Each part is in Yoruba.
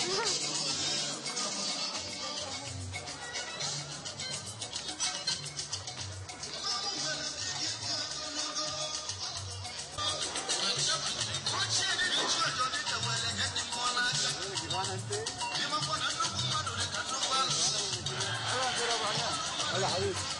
Hola, Javier.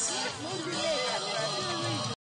Yes.